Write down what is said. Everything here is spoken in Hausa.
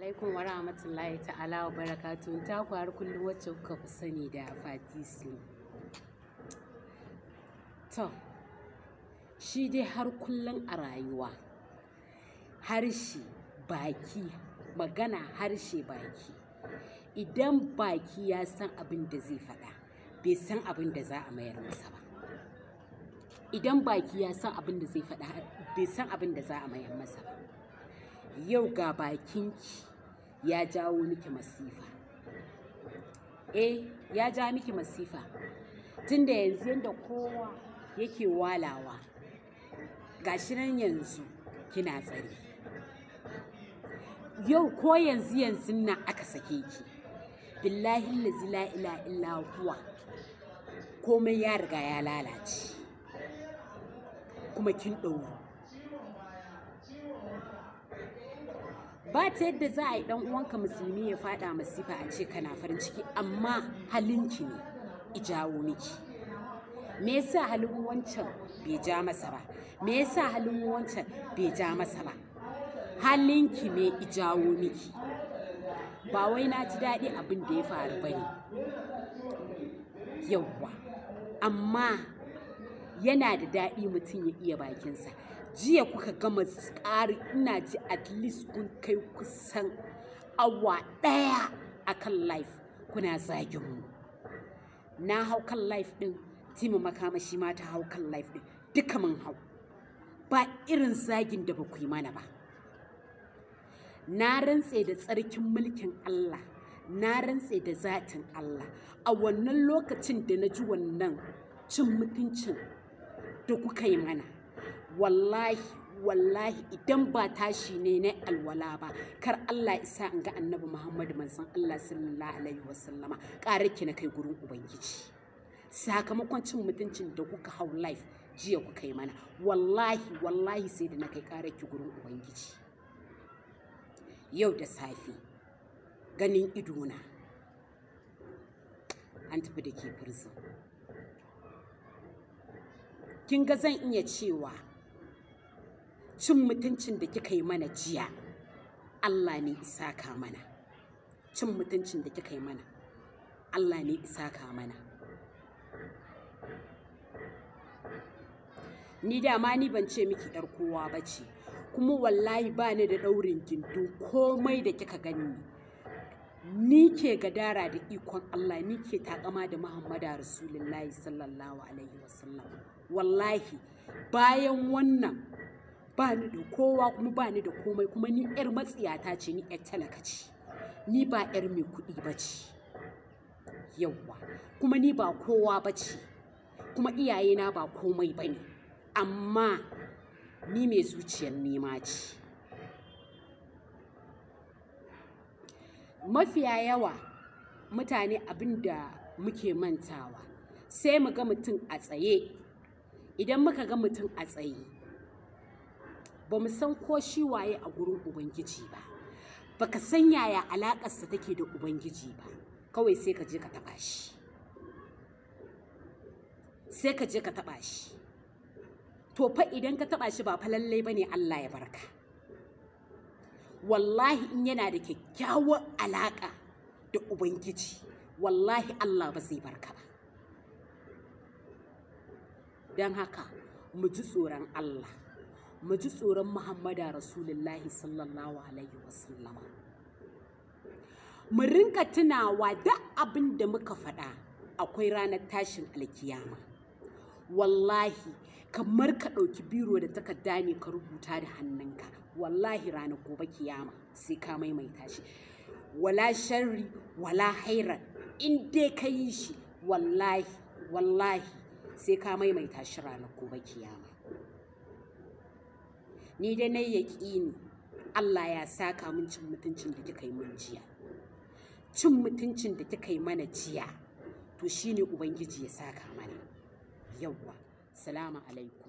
alaikum wa rahmatullahi ta'ala wa barakatun ta kwaru kullum wacce kuka fi sani da fatisi to shi dai har kullum a rayuwa harshe baki magana harshe baki idan baki ya san abin da zai faɗa bai san abin da za a mayar masa ba idan baki ya san abin da zai faɗa bai san abin da za a mayar masa ba yau ga bakinki ya jawo miki masifa eh ya ja miki masifa tunda yanzu yadda kowa yake walawa gashi nan yanzu kina tsari yau ko yanzu yanzu nan aka sake ki billahi la ila illa huwa komai ya riga ya lalace kuma kin ɗauro ba ta yadda za a yi dan uwanka musulmi ya fada masifa a ce kana farin ciki amma halinki ne ijawo miki me yasa halin wancan bai ja masa ba me yasa halin wancan bai ja masa ba halinki ne ijawo miki ba wai na ji daɗi abin da ya faru ba ne yawwa amma yana da daɗi mutum ya iya bakinsa jiya kuka gama tsari ina ji at least kun kai kusan awa ɗaya a kan life kuna zagin mu na hau kan life ɗin tima makamashi ma ta hau kan life ɗin duka mun hau ba irin zagin da ba ku yi mana ba na rantse da tsarkin mulkin Allah na rantse da zatin Allah a wannan lokacin da na ji wannan cin mutuncin da kuka yi mana wallahi wallahi idan ba tashi ne na alwala ba kar Allah isa in ga annabi Muhammadu manzon Allah sallallahu alaihi wasallama ki na kai gurin ubangiji sakamakon cin mutuncin da kuka hau life jiya ku kai mana wallahi wallahi sai da na kai ki gurin ubangiji yau da safe ganin idona an tafi da ke kin ga zan iya cewa cin mutuncin da kika yi mana jiya Allah ne ka mana cin mutuncin da kika yi mana Allah ne ka mana ni dama ni ban ce miki yar kowa ba ce kuma wallahi ba ni da ɗaurin gindu komai da kika gani ni ke gadara da ikon Allah ni ke takama da Muhammadu Rasulullahi sallallahu alaihi wasallam wallahi bayan wannan ba da kowa kuma bani da komai kuma ni 'yar matsiyata ce ni 'yar talaka ce ni ba 'yar mai kuɗi ba ce yauwa kuma ni ba kowa ba ce kuma iyayena ba komai ba ne amma ni mai zuciyar nema ce mafiya yawa mutane abin da muke mantawa sai mu ga mutum a tsaye idan muka ga mutum a tsaye ba mu san ko shi waye a gurin ubangiji ba baka san yaya alakarsa take da ubangiji ba kawai sai ka je ka taba shi sai ka je ka taba shi to fa idan ka taba shi ba fa lalle bane Allah ya barka wallahi in yana da kyakkyawar alaka da ubangiji wallahi Allah ba zai barka ba don haka mu ji tsoron Allah mu ji tsoron muhammada rasulullahi sallallahu alaihi wasallama mu rinka tunawa duk abin da muka faɗa akwai ranar tashin alkiyama wallahi kamar ka ɗauki biro da takarda ne ka rubuta da hannunka wallahi ranar gobe kiyama sai ka maimaita shi wala sharri wala hairan in dai ka yi shi wallahi wallahi sai ka maimaita shi ranar gobe kiyama ni da na yaƙini Allah ya saka min cin mutuncin da kika yi min jiya cin mutuncin da kika yi mana jiya to shine ubangiji ya saka mana yawwa salamu alaikum